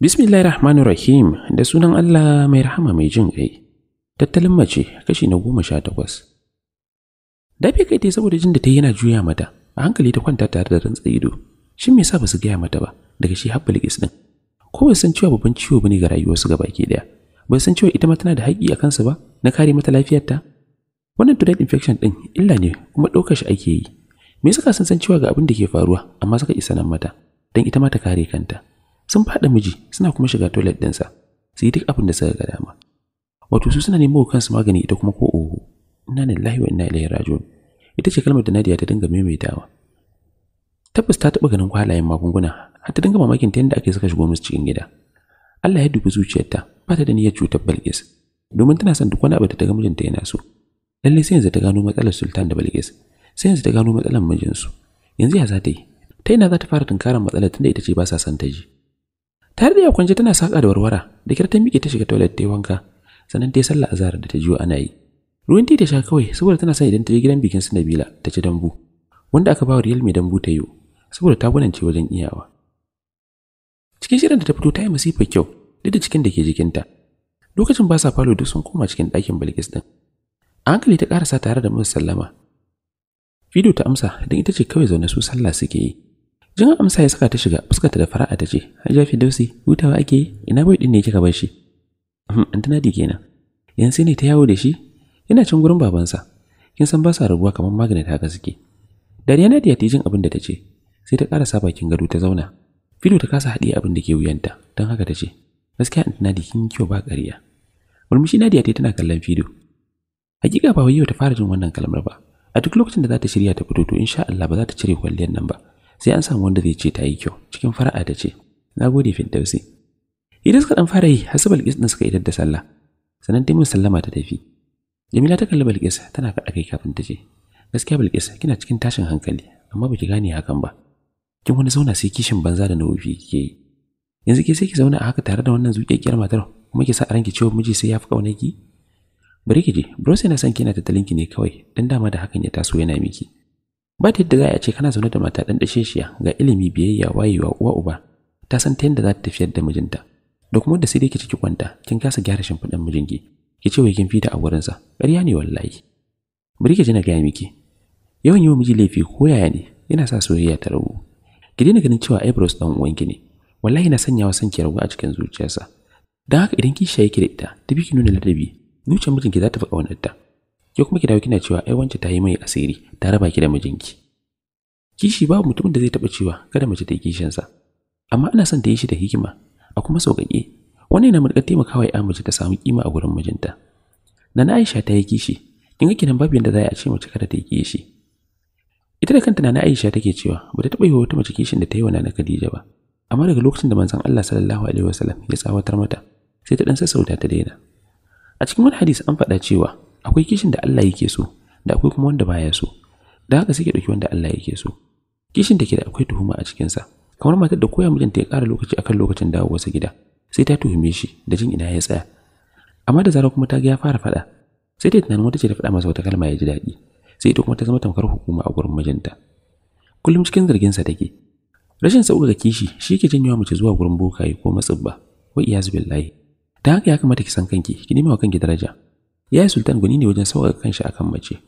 Bismillahirrahmanirrahim da sunan Allah mai rahama mai jin ƙai. Tattalin mace kashi na goma sha takwas. Dafi kai tai saboda jin da ta yana juya mata, a hankali ta kwanta tare da rantsa ido. shi me yasa ba su gaya mata ba daga shi haɓɓal Bilkis ɗin Ko ba san cewa babban ciwo ne ga rayuwarsu gaba ki ɗaya Ba san cewa ita ma tana da haƙƙi a kansa ba na kare mata lafiyarta? wannan toilet infection din illa ne kuma ɗaukar shi ake yi me suka san san cewa ga abin da ke faruwa amma suka isa nan mata dan ita ma ta kare kanta sun faɗa miji suna kuma shiga toilet ɗinsa su yi duk abin da suka ga dama wato su suna nemo kansu magani ita kuma ko oho inna lillahi wa inna ilaihi raji'un ita ce kalmar da Nadia ta dinga maimaitawa tabbas ta taba ganin kwalayen magunguna har ta dinga mamakin ta yadda ake suka shigo musu cikin gida Allah ya dubi zuciyarta ba ta da niyyar cutar balkis domin tana son duk wani abu da ta ga mijinta yana so lalle sai yanzu ta gano matsalar sultan da bilgis sai yanzu ta gano matsalar mijinsu yanzu ya za yi ta ina za ta fara tunkarar matsalar tunda ita ce ba sa son ta ji tare da kwance tana saka da warwara da kyar ta miƙe ta shiga toilet ta wanka sannan ta yi sallah azhar da ta jiwa ana yi ruwan ta sha kawai saboda tana san idan ta je gidan bikin su Nabila ta ci dambu wanda aka ba wa mai dambu ta yi saboda ta gwanance wajen iyawa cikin shirin da ta fito ta yi masifar kyau duk da cikin da ke jikinta lokacin ba sa falo duk sun koma cikin ɗakin balkis ɗin. hankali ta ƙarasa tare da musu sallama. Fido ta amsa don ita ce kawai zaune su sallah suke yi. Jin amsa ya saka ta shiga fuskarta da fara'a ta ce, Hajiya Fidausi, hutawa ake yi, ina bai ɗin ne kika bar shi. Antinadi kenan. sai ne ta yawo da shi, yana cin gurin babansa. Kin san ba sa rabuwa kamar maganin ta haka suke. Dariya na ta jin abin da ta ce, sai ta ƙarasa bakin gado ta zauna. Fido ta kasa haɗiye abin da ke wuyanta, don haka ta ce, Gaskiya Antinadi kin kyau ba ƙarya. Murmushi Nadiya ta tana kallon Fido, hakika ba wa yau ta fara jin wannan kalmar ba a duk lokacin da za ta shirya ta fito to insha Allah ba za ta cire kwalliyar nan ba sai an samu wanda zai ce ta yi kyau cikin fara'a da ce nagode firdausi idan suka dan fara yi hasu Balkis din suka idar da sallah sannan ta sallama ta tafi Jamila ta kalli Balkis tana kaɗa kai kafin ta ce gaskiya Balkis kina cikin tashin hankali amma baki gane hakan ba kin wani zauna sai kishin banza da nufi kike yi yanzu ke sai ki zauna a haka tare da wannan zuƙeƙiyar matar kuma ki sa a ranki cewa miji sai ya fi ƙaunar ki Barikiji, bruce yana son kina tattalin ne kawai, dan dama da hakan ya taso yana miki. Ba ta yadda za a ce kana zaune da mata dan dasheshiya ga ilimi biyayya wayewa uwa uba. Ta san ta yadda za ta tafiyar da mijinta. Da kuma da sai dai ki ciki kwanta, kin kasa gyara shimfiɗan mijinki. Ki ce wai kin fita a wurinsa. Ƙarya ne wallahi. Barikiji na gaya miki. Yawan yawan miji laifi ko yaya ne yana sa soyayya ta rabu. Ki daina ganin cewa ai Bros dan uwanki ne. Wallahi na sanyawa son ki rabu a cikin zuciyarsa. don haka idan ki shaye ki da ita, tafi ki nuna ladabi zuciyar mijinki za ta fi ƙaunarta ke kuma ki dawo kina cewa ai wance ta yi mai asiri ta raba ki da mijinki kishi babu mutumin da zai taɓa cewa kada mace ta yi sa amma ana son ta yi shi da hikima a kuma sauƙaƙe wannan yana matuƙar taimakawa ya mace ta samu kima a gurin mijinta na na aisha ta yi kishi kin ga kinan babu yadda za a ce mace kada ta yi kishi ita da kanta na na aisha take cewa ba ta taɓa yi wa wata mace kishin da ta yi wa nana khadija ba amma daga lokacin da manzon Allah sallallahu alaihi wasallam ya tsawatar mata sai ta dan sassauta ta daina a cikin wani hadisi an faɗa cewa akwai kishin da Allah yake so da akwai kuma wanda baya so da haka sai ke ɗauki wanda Allah yake so kishin da ke da akwai tuhuma a cikinsa kamar matar da koya mijinta ya ƙara lokaci akan lokacin dawowarsa gida sai ta tuhume shi da jin ina ya tsaya amma da zarar kuma ta ga ya fara faɗa sai ta tunanin wata ce ta faɗa masa wata kalma ya ji daɗi sai ita kuma ta zama tamkar hukuma a gurin mijinta kullum cikin zarginsa take rashin ga kishi shi ke janyo mace zuwa gurin bokaye ko matsubba wa iyazu billahi dan haka ya kamata ki san kanki, ki nima wa kanki daraja. Yayi Sultan gwani ne wajen sauka kanshi akan mace.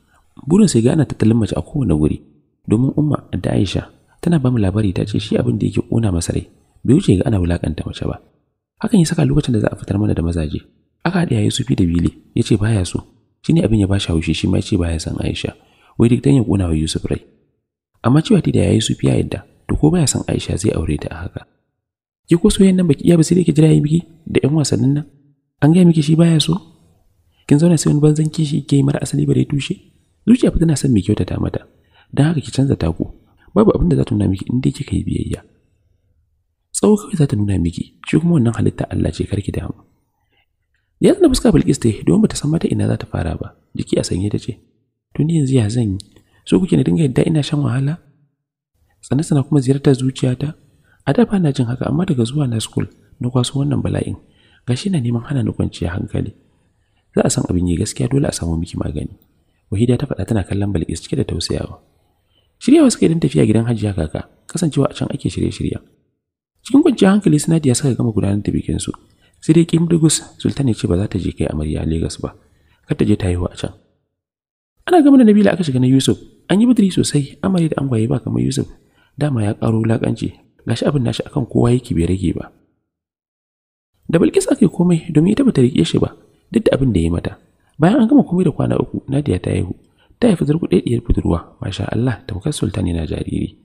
Burin sai ga ana tattalin mace a kowane wuri Domin Umma da Aisha tana ba mu labari ta ce shi abin da yake kona masa rai bai wuce ga ana wulakanta mace ba. Hakan ya saka lokacin da za a fitar mana da mazaje. Aka haɗe yayi Sufi da Bili ya ce baya so. Shi ne abin ya ba shi haushi shi ma ya ce baya san Aisha. Wai duk dan ya kona wa Yusuf rai. Amma cewa da yayi Sufi ya yadda to ko baya san Aisha zai aure ta a haka. ki ko soyayyen nan baki iya ba sai dai ki jira yayi miki da ƴan wasannin nan an gaya miki shi baya so kin zauna sai wani banzan kishi ke mara asali ba dai tushe zuciya fa tana son mai ta mata dan haka ki canza taku babu abin da za ta nuna miki in dai kika yi biyayya tsawo kawai za ta nuna miki shi kuma wannan halitta Allah ce karki mu ya tsana fuska Bilkis ta yi domin bata san mata ina za ta fara ba jiki a sanye ta ce tun yanzu ya zan yi so kuke na dinga yadda ina shan wahala sannan sana kuma ziyartar zuciyata a da ba na jin haka amma daga zuwa na school na kwaso wannan bala'in gashi na neman hana ni kwanciya hankali za a san abin yi gaskiya dole a samu miki magani wahida ta faɗa tana kallon balkis cike da tausayawa shirya suka yi tafiya gidan hajiya kaka kasancewa a can ake shirye shirya cikin kwanciyar hankali sinadiya suka gama gudanar da bikinsu sai dai kim dugus sultan ce ba za ta je kai amarya lagos ba kar ta je ta haihu a can ana gama da nabila aka shiga na yusuf an yi budiri sosai amarya da angwaye ba kamar yusuf dama ya karo wulakanci gashi abin nashi akan kowa yake bai rage ba da bilkis aka komai domin ita bata rike shi ba duk da abin da ya mata bayan an gama komai da kwana uku nadiya ta haihu ta haifi zarku ɗaya budurwa masha Allah ta tamkar sultan na jariri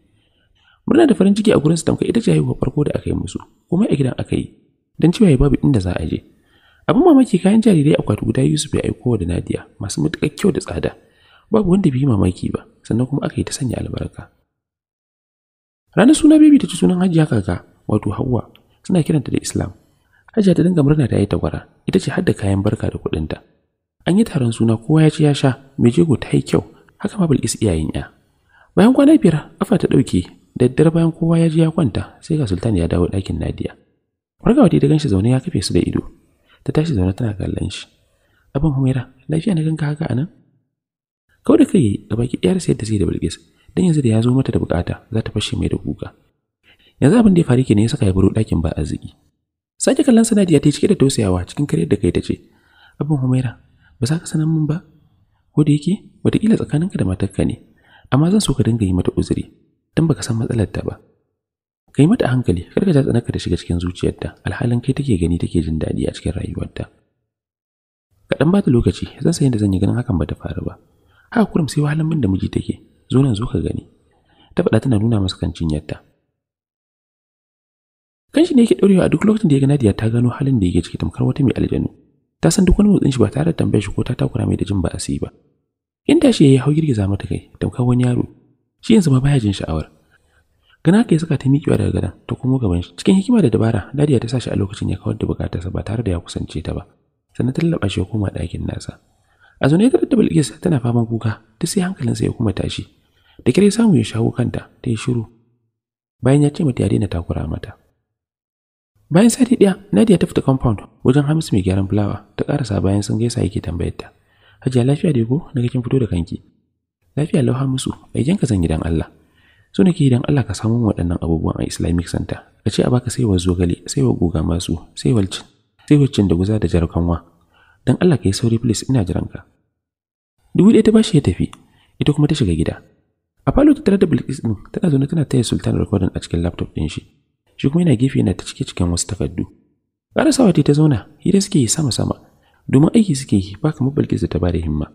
murna da farin ciki a gurin su tamkar ita ce haihuwa farko da aka yi musu komai a gidan aka yi don cewa ya babu inda za a je abin mamaki kayan jarirai akwati guda Yusuf ya aiko da Nadiya masu matuƙar kyau da tsada babu wanda bai yi mamaki ba sannan kuma aka yi ta sanya albarka Ranar suna Baby ta ci sunan Hajiya Kaka, wato Hauwa, suna kiranta da Islam. Hajiya ta dinga murna ta yi tagwara, ita ce hadda kayan barka da kuɗinta. An yi taron suna kowa ya ci ya sha, mai jego ta yi kyau, haka ma Bilkis iyayen ya. Bayan kwana biyar, afa ta ɗauke, daddare bayan kowa ya ji ya kwanta, sai ga Sultan ya dawo ɗakin Nadiya. Fargawa da ganshi zaune ya kafe su da ido. Ta tashi zaune tana kallon shi. Abin Humaira, lafiya na ganka haka anan? Kau da kai gabaki baki ɗayar sayar da sai da Bilgis dan yanzu da ya zo mata da bukata za ta fashe mai da guga yanzu abin da ya faru kenan ne ya saka ya buru ɗakin ba arziki sake kallon sanadiya ta yi cike da tausayawa cikin kare da kai ta ce abin humaira ba za ka sanar min ba ko da yake wataƙila tsakaninka da matarka ne amma zan so ka dinga yi mata uzuri don baka san matsalar ta ba ka yi mata hankali kar ka jatsana ka da shiga cikin zuciyarta alhalin kai take gani take jin daɗi a cikin rayuwarta kaɗan ba ta lokaci zan san yadda zan yi ganin hakan ba ta faru ba haka kurum sai wahalan min da miji take zo nan zo ka gani ta faɗa tana nuna masa kan cinyarta kanshi ne yake ɗorewa a duk lokacin da ya ga Nadia ta gano halin da yake ciki tamkar wata mai aljanu ta san duk wani motsin shi ba tare da tambayar shi ko ta takura mai da jin ba asiri ba in tashi yayi hau girgiza mata kai tamkar wani yaro shi yanzu ma baya jin sha'awar gana ke saka ta miƙewa daga gadan ta komo gaban shi cikin hikima da dabara Nadia ta sashi a lokacin ya kawar da bukatarsa ba tare da ya kusance ta ba sannan ta lallaba shi ya koma ɗakin nasa a zaune ta da Bilkis tana faman kuka ta sai hankalinsa ya kuma tashi da kire samu ya shawo kanta ta yi shiru bayan ya ce mata ya daina takura mata bayan sati ɗaya nadia ta fita compound wajen hamis mai gyaran fulawa ta karasa bayan sun gaisa yake tambayar ta hajiya lafiya dai ko na kin fito da kanki lafiya lau hamisu aikin ka zan gidan allah ne nake idan Allah ka samu waɗannan abubuwan a Islamic Center a ce a baka saiwar zogale saiwar goga masu saiwar cin cin da guza da jar kanwa dan Allah ka yi sauri please ina jiranka. dubu ɗaya ta bashi ya tafi ita kuma ta shiga gida a falo ta tare da bilkis din tana zaune tana taya sultan recording a cikin laptop din shi shi kuma yana gefe yana ta cike cikin wasu takardu wata ta zauna hira suke yi sama sama domin aiki suke yi ba kamar bilkis ta ba da himma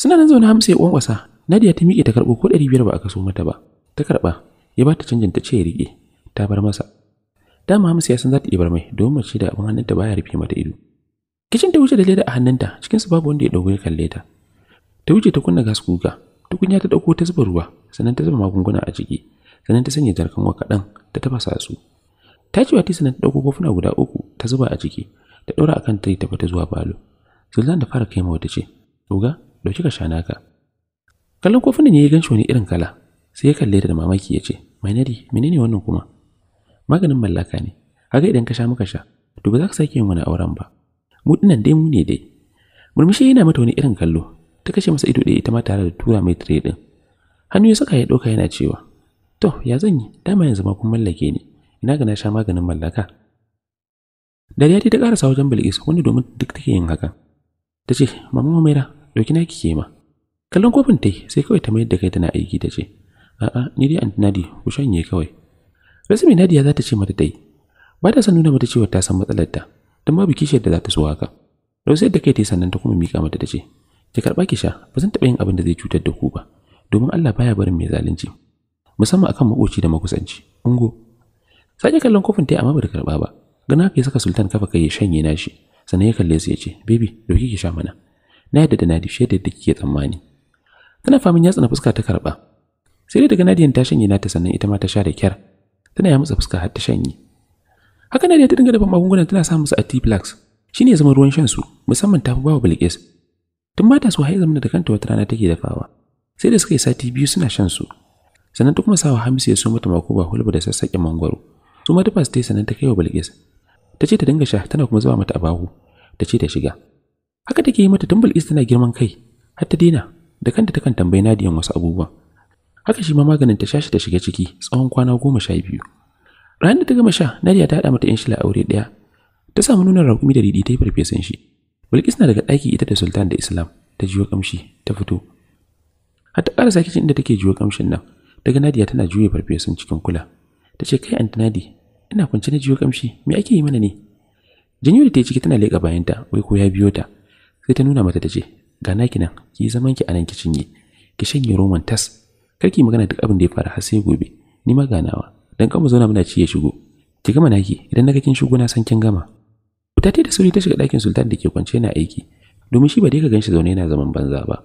suna nan zaune hamsa ya kwankwasa nadiya ta miƙe ta karɓo ko ɗari biyar ba a kaso mata ba ta karɓa ya ba ta canjin ta ce ya riƙe ta bar masa dama hamsa ya san za ta iya bar mai domin mace da abin hannunta baya rufe mata ido kicin ta wuce da leda a hannunta cikinsu babu wanda ya dogo ya kalle ta ta wuce ta kunna gas kuka tukunya ta ɗauko ta zuba ruwa sannan ta zuba magunguna a ciki sannan ta sanya jarkanwa kaɗan ta tafasa su ta ci wati sannan ta ɗauko kofuna guda uku ta zuba a ciki ta ɗora akan ta ta fita zuwa balo sultan da fara kai ma wata ce oga dauki ka shana ka. kallon kofunan ya yi ganshi wani irin kala sai ya kalle ta da mamaki ya ce mai nadi menene wannan kuma maganin mallaka ne haka idan ka sha muka sha to ba za ka sake yin wani auren ba mu dinan dai mu ne dai murmushi yana mata wani irin kallo ta kashe masa ido ɗaya ita ma tare da tura mai tire ɗin hannu ya saka ya ɗauka yana cewa to ya zan yi dama yanzu ma kun mallake ni ina ga na sha maganin mallaka dariya ta ƙarasa wajen Bilkisu wanda domin duk take yin haka ta ce mama mamaira ɗauki na kike ma kallon kofin ta sai kawai ta mayar da kai tana aiki ta ce a'a ni dai anti nadi ku shanye kawai rasmi nadiya za ta ce mata ta yi ba ta san nuna mata cewa ta san matsalar ta don babu kishiyar da za ta so haka wasu da kai ta yi sannan ta kuma mika mata ta ce ki karba ki sha ba zan taba yin abin da zai cutar da ku ba domin Allah baya barin mai zalunci musamman akan makoci da makusanci ungo sake kallon kofin tai amma ba da karba ba gana kai saka sultan kafa kai ya shanye nashi sannan ya kalle su ya ce baby doki ki sha mana na yadda da nadi shede da kike tsammani tana famin yatsa na fuska ta karba sai dai daga nadiyan ta shanye nata sannan ita ma ta sha da kyar tana ya musa fuska har ta shanye haka nadiya ta dinga dafa magungunan tana sa musu anti shine ya zama ruwan shan su musamman ta fi bawa bilkis tun ba ta so mana da kanta wata rana take dafawa sai da suka yi sati biyu suna shan su sannan ta kuma sawa hamisu ya so mata mako ba hulba da sassaƙe mangwaro su ma su ta yi sannan ta kai wa bilkis ta ce ta dinga sha tana kuma zuba mata a bahu ta ce ta shiga haka take yi mata tun bilkis tana girman kai har ta daina da kanta takan tambayi nadiyan wasu abubuwan haka shi ma maganin ta sha shi ta shiga ciki tsawon kwana goma sha biyu ranar da ta gama sha nadiya ta haɗa mata inshila aure ɗaya ta samu nuna rakumi da didi ta yi farfesan shi Bilkis na daga ɗaki ita da Sultan da Islam ta jiwo kamshi ta fito. Hatta ƙara ƙarasa kicin inda take jiwo kamshin nan, daga Nadiya tana juya farfesun cikin kula. Ta ce kai Aunt Nadi, ina kwance na jiwo kamshi, me ake yi mana ne? Janyo da ta yi ciki tana leƙa bayanta, wai ko ya biyo ta. Sai ta nuna mata ta ce, ga naki nan, ki yi zaman ki a nan ki cinye, ki shanye roman tas. Karki magana duk abin da ya faru har sai gobe, ni ma ganawa, dan kan mu zauna muna ci ya shigo. Ki gama naki, idan naga kin shigo na san kin gama. ta ce da sauri ta shiga ɗakin Sultan da ke kwance yana aiki, domin shi ba dai ka ganshi zaune yana zaman banza ba.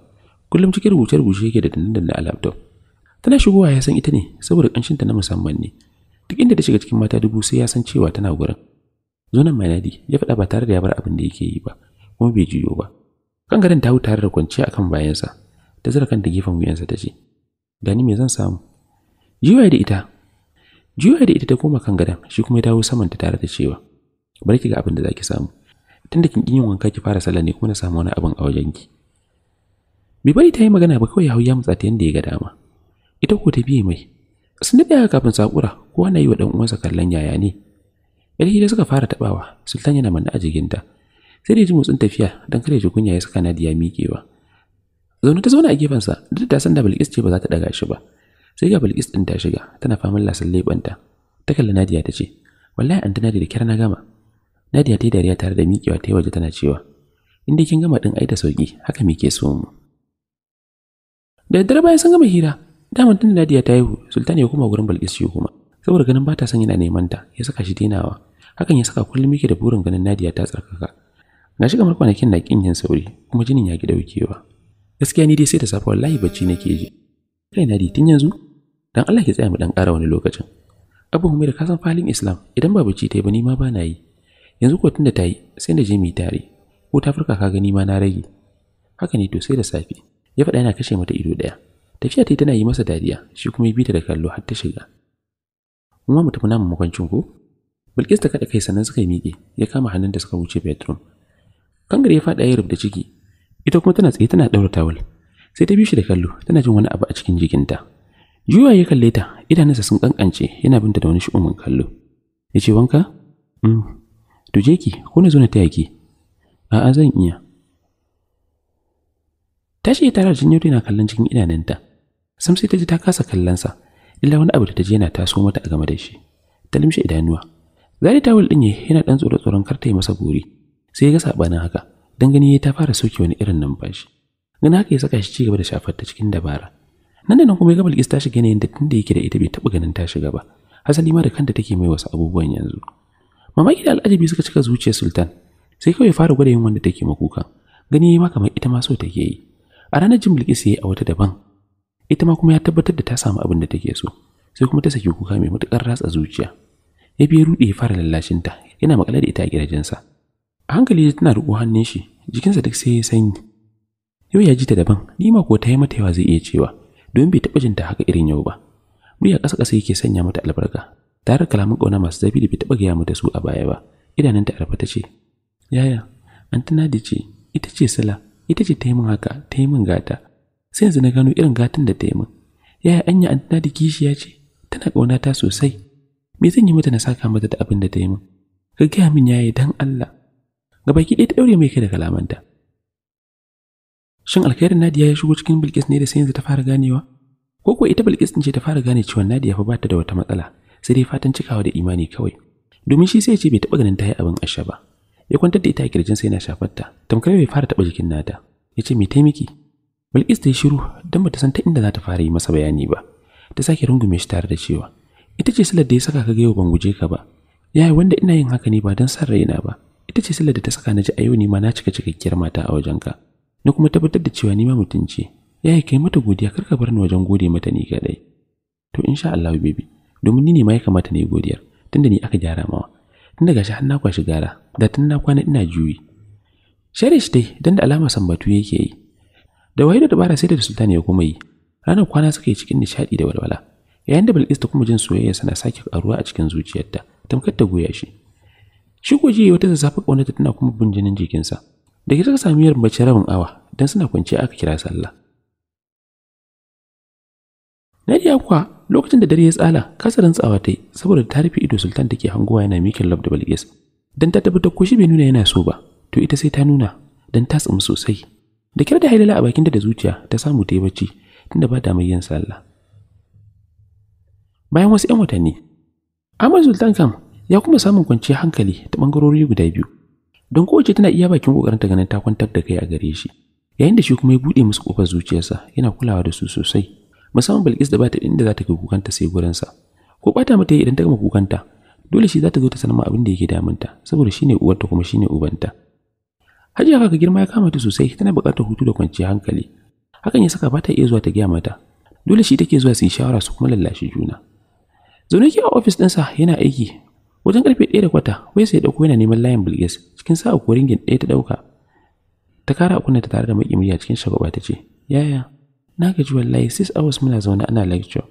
Kullum cikin rubuce-rubuce yake da dandan a laptop. Tana shigowa ya san ita ne saboda ƙanshinta na musamman ne. Duk inda ta shiga cikin mata dubu sai ya san cewa tana gurin. Zonan Mainadi ya faɗa ba tare da ya bar abin da yake yi ba, kuma bai jiyo ba. Kangaren ta hau tare da kwanciya akan bayansa, ta zira kanta gefen wuyansa ta ce, Dani me zan samu? Jiwaye da ita, Juya da ita ta koma kan gadan shi kuma ya dawo saman ta tare da cewa, bari ki ga abin da zaki samu tunda kin yin wanka ki fara sallah ne kuma na samu wani abin a wajen ki bai bari ta yi magana ba kawai ya hau ya mutsa yanda ya ga dama ita ko ta biye mai sun ya kafin sakura ko na yi wa ɗan uwansa kallon yaya ne yar hira suka fara taɓawa sultan yana manna a jikinta sai da ji motsin tafiya dan kare jukunya ya saka nadiya miƙewa zaune ta zauna a gefen sa duk da san da Bilkis ce ba za ta daga shi ba sai ga Bilkis din ta shiga tana faman lasan lebanta ta kalli Nadiya ta ce wallahi an da kyar na gama Nadiya ta dariya tare da miƙewa ta waje tana cewa, "In kin gama din ai da sauki, haka ke so mu." Da daddare bayan sun gama hira, daman tun Nadiya ta haihu, Sultan ya koma gurin Bilkis shi kuma, saboda ganin ba ta son yana neman ta, ya saka shi dinawa. Hakan ya saka kullum yake da burin ganin Nadiya ta tsarkaka. Na shiga kamar kwanakin na kin yin sauri, kuma jinin ya ki daukewa. Gaskiya ni dai sai da safe wallahi bacci nake ji. Kai Nadi tun yanzu, dan Allah ki tsaya mu dan ƙara wani lokacin. Abu Humaira ka san falin Islam, idan ba bacci tai ba ni ma ba na yi. yanzu ko tunda ta yi sai na je mu yi tare ko ta farka ka gani ma na rage haka ne to sai da safe ya faɗa yana kashe mata ido ɗaya tafiya ta tana yi masa dariya shi kuma ya bi ta da kallo har ta shiga mu ma mu tafi namu makwancin ko Bilkis ta kaɗa kai sannan suka yi miƙe ya kama hannun da suka wuce bedroom Kangare ya faɗa ya rubuta ciki ita kuma tana tsaye tana ɗaura tawul sai ta bi shi da kallo tana jin wani abu a cikin jikinta juya ya kalle ta idanunsa sun kankance yana binta da wani shi'umin kallo ya ce wanka mm. To je ki, ko na zo na taya ki? A'a zan iya. Ta ce tare da Janyo yana kallon cikin idanunta. Sam sai ta ji ta kasa kallonsa, illa wani abu da ta ji yana taso mata a game da shi. Ta limshe idanuwa. Zari tawul din yana dan tsoro tsoron kar ta yi masa buri. Sai ya ga saɓanin haka, dan gani ta fara soke wani irin numfashi. Gani haka ya saka shi cigaba gaba da shafar ta cikin dabara. Nan da nan kuma ya ga Bilkis ta shiga yanayin da tunda yake da ita bai taɓa ganin ta shiga ba. Hasali ma da kanta take mai wasu abubuwan yanzu. mamaki da al'ajabi suka cika zuciyar sultan sai kawai fara gwada yin wanda take makuka gani ya ma kamar ita ma so ta ke yi a ranar jin bilkisu yayi a wata daban ita ma kuma ya tabbatar da ta samu abin da take so sai kuma ta saki kuka mai matukar ratsa zuciya ya biya ruɗe ya fara lallashinta yana makala da ita a gidajensa a hankali tana riƙo hannun shi jikinsa duk sai ya sanyi yau ya ji ta daban nima ko ta yi mata yawa zai iya cewa don bai taɓa ta haka irin yau ba ya ƙasa ƙasa yake sanya mata albarka tare kalaman ƙauna masu zafi da bai taɓa gaya mu da su a baya ba idanunta arfa ta ce yaya antina da ce ita ce sala ita ce ta yi min haka ta yi min gata sai yanzu na gano irin gatan da ta yi min yaya anya antina da kishiya ce tana kauna ta sosai me zan yi mata na saka mata da abin da ta yi min ka gaya min yaya dan Allah gabaki ɗaya ta ɗaure mai kai da kalaman ta. shin alkhairin Nadiya ya shigo cikin Bilkis ne da sai yanzu ta fara ganewa ko ko ita Bilkis ce ta fara gane cewa Nadiya fa ba ta da wata matsala sai dai fatan cikawa da imani kawai domin shi sai ya ce bai taɓa ganin ta yi abin asha ba ya kwantar da ita a kirjin sai yana shafar ta tamkar bai fara taba jikin nata ya ce mai taimaki bilkis ta yi shiru don bata san ta inda za ta fara yi masa bayani ba ta sake rungume shi tare da cewa ita ce silar da ya saka ka ga yau ban guje ka ba yi wanda ina yin haka ne ba don san raina ba ita ce silar da ta saka na ji a yau ne ma na cika cikakkiyar mata a wajen ka. na kuma tabbatar da cewa ni ma mutum ce yaya kai mata godiya ka bar ni wajen gode mata ni kadai to insha Allah baby domin ni ne ma ya kamata na yi godiyar tunda ni aka gyara mawa tun gashi shi har na kwashi gara da tun na kwana ina juyi share shi dai dan da alama san batu yake yi da wahida da bara sai da sultani ya kuma yi ranar kwana suka yi cikin nishadi da walwala yayin da Bilkis ta kuma jin soyayya sana sake karuwa a cikin zuciyarta tamkar ta goya shi shi goje wata zazzafa ta tana kuma bin jinin jikinsa da ke ta sami yar mace rabin awa dan suna kwanciya aka kira sallah Nadiya kuwa lokacin da dare ya tsala kasarin rantsawa ta yi saboda ta rufe ido sultan take hangowa yana mikin lab da balkis dan ta tabbatar ko shi bai nuna yana so ba to ita sai ta nuna don ta sosai da kyar da hailala a bakin da da zuciya ta samu ta yi bacci tunda ba da mai yin sallah bayan wasu 'yan watanni Ahmad Sultan kam ya kuma samun kwanciyar hankali ta bangarori guda biyu don kowace tana iya bakin ta ganin ta kwantar da kai a gare shi yayin da shi kuma ya buɗe musu kofar zuciyarsa yana kulawa da su sosai musamman Bilkis da ba ta inda za ta kai kukanta sai sa. ko bata mata idan ta gama kukanta dole shi za ta zo ta sanar ma abin da yake damunta saboda shine uwarta kuma shine ubanta Hajiya kaka girma ya kama ta sosai tana buƙatar hutu da kwanciyar hankali hakan ya saka bata iya zuwa ta gaya mata dole shi take zuwa su yi shawara su kuma lallashi juna zaune ke a ofis ɗinsa yana aiki wajen karfe ɗaya da kwata wai sai dauko yana neman layin bilgis cikin sa'a ko ringin ɗaya ta ɗauka ta kara a kunna ta tare da maƙi murya cikin shagwaba ta ce yaya na gaji wallahi 6 hours muna zauna ana lecture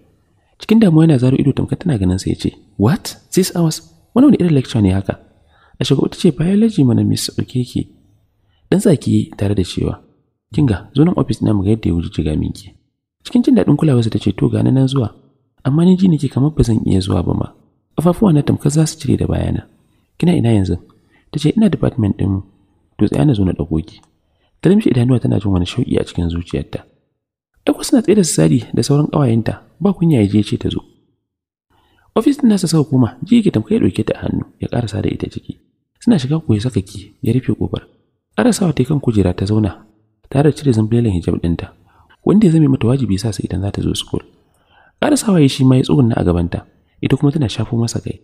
cikin damuwa yana zaro ido tamkar tana ganin sa ce. what 6 hours wani wani irin lecture ne haka a shiga ta ce biology mana miss okeke dan zaki tare da cewa kinga zo nan office na mu ga yadda ya wuce ga minki cikin jin daɗin kulawarsa ta ce to ga nan zuwa amma ni ji nake kamar ba zan iya zuwa ba ma kafafuwa na tamkar za su cire da bayana kina ina yanzu tace ce ina department ɗin to tsaya na zo na dakoki. ki ta idanuwa tana jin wani shauki a cikin zuciyarta Takwas suna tsaye da sadi da sauran ƙawayenta ba kunya ya je ce ta zo. Ofis din nasa sau kuma ji yake tamkar ya ɗauke ta a hannu ya ƙarasa da ita ciki. Suna shiga ko ya saka ki ya rufe ƙofar. Ƙarasawa ta kan kujera ta zauna tare da cire zambilin hijab ɗinta wanda ya zame mata wajibi sa su idan za ta zo school. Ƙarasawa ya shi ma ya na a gabanta ita kuma tana shafo masa kai.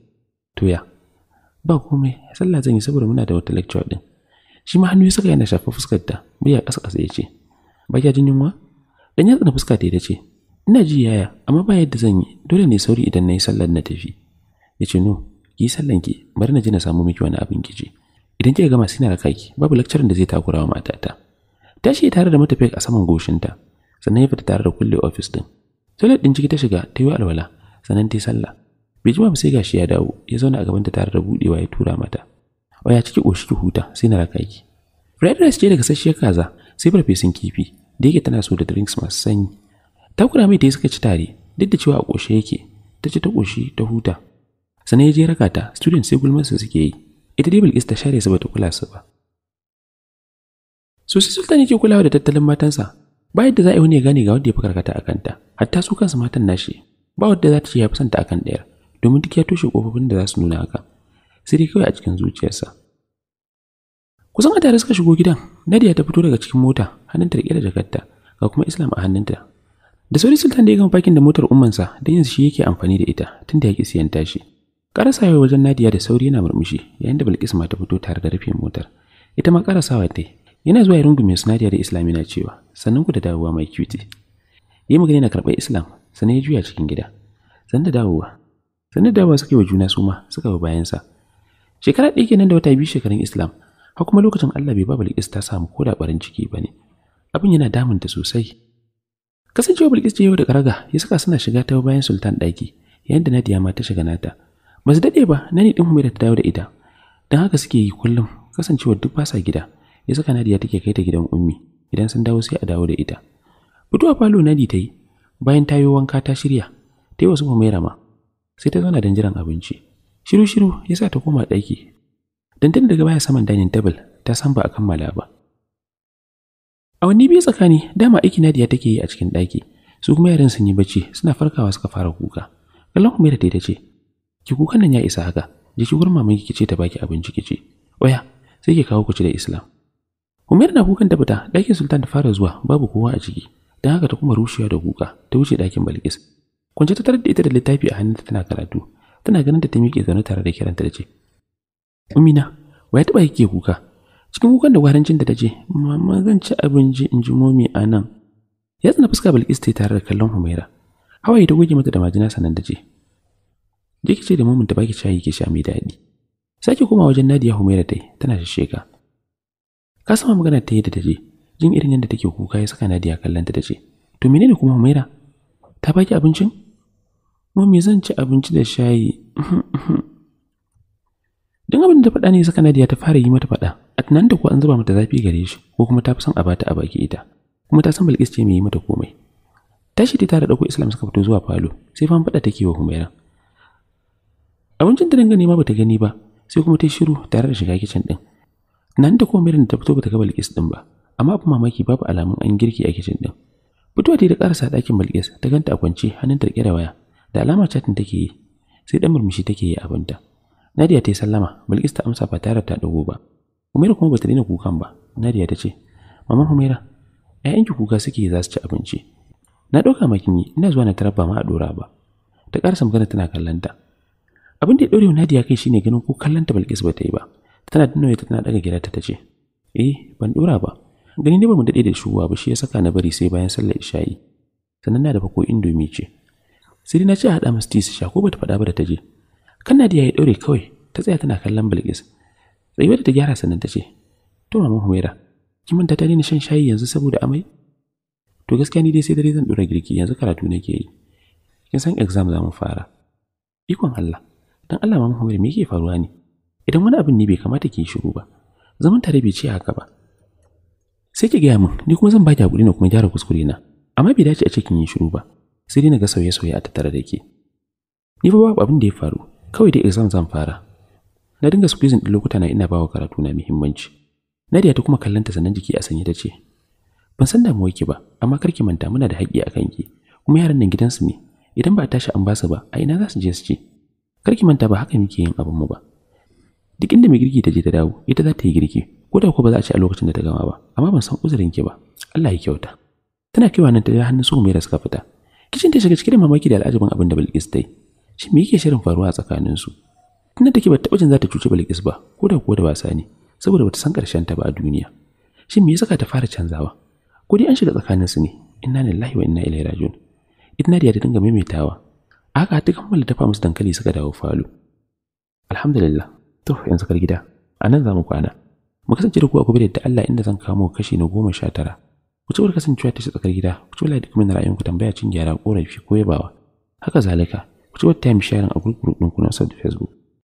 To ya, ba komai sallah zan yi saboda muna da wata lecture din shi ma hannu ya saka yana shafa fuskar ta ya ƙasa ƙasa ya ce ba jin yunwa Dan yatsa na fuska ta ce, "Ina ji yaya, amma ba yadda zan yi, dole ne sauri idan nayi sallar na tafi." yace ce, "No, ki sallan ki, bari na ji na samu miki wani abin kije." Idan kika gama sai na raka ki, babu lecture da zai takura wa matata. Tashi tare da mata a saman goshinta, sannan ya fita tare da kulle office din. Toilet din ciki ta shiga, ta yi alwala, sannan ta yi sallah. Bai jima ba sai gashi ya dawo, ya zauna a ta tare da budewa ya tura mata. waya ciki koshi ki huta, sai na raka ki. Fried rice ce daga sashiyar kaza, sai farfesun kifi, da yake tana so da drinks masu sanyi ta kura mai ta suka ci tare duk da cewa a ƙoshe yake ta ci ta ƙoshi ta huta sannan ya je raka ta student sai su suke yi ita dai bilkis ta share su bata kula su ba sosai sultan yake kulawa da tattalin matansa ba yadda za a yi wani ya gane ga wanda ya fi karkata a kanta hatta su kansu matan nashi ba wadda za ta ce ya fi santa akan ɗayar domin duk ya toshe kofofin da za su nuna haka sai dai kawai a cikin zuciyarsa kusan a tare suka shigo gidan nadiya ta fito daga cikin mota hannunta riƙe da jakarta ga kuma islam a hannunta da sauri sultan da ya gama fakin da motar ummansa don yanzu shi yake amfani da ita tun da ya ƙi siyan tashi ƙarasawa wajen nadiya da sauri yana murmushi yayin da bilkis ma ta fito tare da rufe motar ita ma ƙarasawa ta yana zuwa ya rungume su nadiya da islam yana cewa sannan ku da dawowa mai cuti yi magana na karɓar islam sannan ya juya cikin gida sannan da dawowa sannan da dawowa suka yi wa juna su ma suka bi bayansa shekara ɗaya kenan da wata biyu shekarun islam har kuma lokacin Allah bai ba Bilkis ta samu koda barin ciki bane abin yana damun ta sosai kasancewa Bilkis ce yau da karaga ya saka suna shiga ta bayan sultan daki yanda Nadiya ma ta shiga nata ba dade ba nani din Humaira ta dawo da ita dan haka suke yi kullum kasancewa duk basa gida ya saka Nadiya take kai ta gidan ummi idan sun dawo sai a dawo da ita fitowa falo Nadi ta yi bayan ta wanka ta shirya ta yi wasu Humaira ma sai ta zauna don jiran abinci shiru-shiru ya sa ta koma ɗaki dandan daga baya saman dining table ta san ba a kammala ba a wani biyu tsakani dama aiki nadiya take yi a cikin ɗaki su kuma yaran sun yi bacci suna farkawa suka fara kuka kallon kuma da ta ce ki kukan nan ya isa haka je ki gurma miki kice ta baki abinci kice waya sai ki kawo ku ci da islam Umar na kukan ta bata ɗakin Sultan ta fara zuwa babu kowa a ciki don haka ta kuma rushewa da kuka ta wuce ɗakin balkis kwanci ta tarar da ita da littafi a hannunta tana karatu tana ganin da ta miƙe zaune tare da kiranta da ce Amina, wa ya taɓa yake kuka? Cikin kukan da gwarancin da ta je, mama zan ci abinci in ji momi a nan. Ya tsana fuska Bilkis ta tare da kallon Humaira. Hawaye ta goge mata da majina sanan da je. Je ki ce da momin ta baki shayi ki sha mai daɗi. Sake koma wajen Nadiya Humaira ta yi, tana shi sheka. Ka sama magana ta yi da ta je, jin irin yadda take kuka ya saka Nadiya kallon ta da ce, To menene kuma Humaira? Ta baki abincin? Mami zan ci abinci da shayi. Don abin da faɗa ne saka nadia ta fara yi mata faɗa, a tunanin da kuwa an zuba mata zafi gare shi ko kuma ta fi son a bata a baki ita, kuma ta san Bilkis ce mai yi mata komai. Tashi ta da ɗauko Islam suka fito zuwa falo, sai fa faɗa take wa Humaira. Abincin ta dinga nema bata gani ba, sai kuma ta shiru tare da shiga kicin ɗin. Tunanin da kuma Humaira da ta fito bata ga Bilkis ɗin ba, amma abin mamaki babu alamun an girki a kicin ɗin. Fitowa ta yi da ƙarasa ɗakin Bilkis ta ganta a kwance hannun ta da waya, da alama catin take yi, sai dan murmushi take yi abinta. nadia ta yi sallama, Bilkis ta amsa ba tare ta dago ba. Humaira kuma bata daina kukan ba. nadia ta ce, "Mama Humaira, yanki kuka suke za su ci abinci." Na ɗauka makin yi, ina zuwa na tarabba ma a ɗora ba. Ta karsa magana tana kallanta. Abin da ya ɗore nadia kai shine ganin ko kallanta Bilkis ba ta yi ba. Tana dannoye ta tana daga gidanta ta ce, "Eh, ban ɗora ba." Gani ne ba mu dade da shuwa ba shi ya saka na bari sai bayan sallar isha'i. Sannan na dafa ko indomi ce. sai na ce a hada masu su sha ko bata faɗa ba da ta je kan nadiya ya ɗaure kawai ta tsaya tana kallon bilkis rayuwar ta gyara sannan ta ce to mama humaira ki manta ta daina shan shayi yanzu saboda amai to gaskiya ni dai sai dare zan ɗora girki yanzu karatu nake yi kin san exam za mu fara ikon Allah dan Allah mama humaira me yake faruwa ne idan wani abin ne bai kamata ki shiru ba zaman tare bai ci haka ba sai ki gaya min ni kuma zan baki hakuri na kuma gyara kuskure na amma bai dace a ce kin yi shiru ba sai dai na ga sauye-sauye a tattare da ke ni fa babu abin da ya faru kawai dai exam zan fara na dinga squeezing din lokuta na ina bawa karatu na muhimmanci Nadia ta kuma kallanta sannan jiki a sanye ta ce ban san damuwar ki ba amma kar ki manta muna da haƙƙi akan ki kuma yaran nan gidansu ne idan ba a tashi an ba ba a ina za su je su ci. kar ki manta ba haka muke yin abin mu ba duk inda mai girki ta je ta dawo ita za ta yi girki ko da ko ba za a ci a lokacin da ta gama ba amma ban san uzurin ki ba Allah ya kyauta tana kaiwa nan ta hannun su mai da suka fita kicin ta shiga cike da mamaki da al'ajabin abin da Bilkis ta shi me yake shirin faruwa a tsakaninsu tunda take ba taɓa jin za ta cuci Bilkis ba ko da kuwa da wasa ne saboda bata san karshen ta ba a duniya shin me yasa saka ta fara canzawa ko dai an shiga tsakanin su ne inna lillahi wa inna ilaihi rajiun idna da dinga maimaitawa a haka ta kammala dafa musu dankali suka dawo falo alhamdulillah to yanzu kar gida anan nan za mu kwana mu kasance da ku a gobe da Allah inda zan kamo kashi na goma sha tara ku ci kasancewa ta tsakar gida ku ci wala duk min ra'ayin ku tambaya cin gyara korafi ko yabawa haka zalika ku ci wata time sharing a group group kuna na da Facebook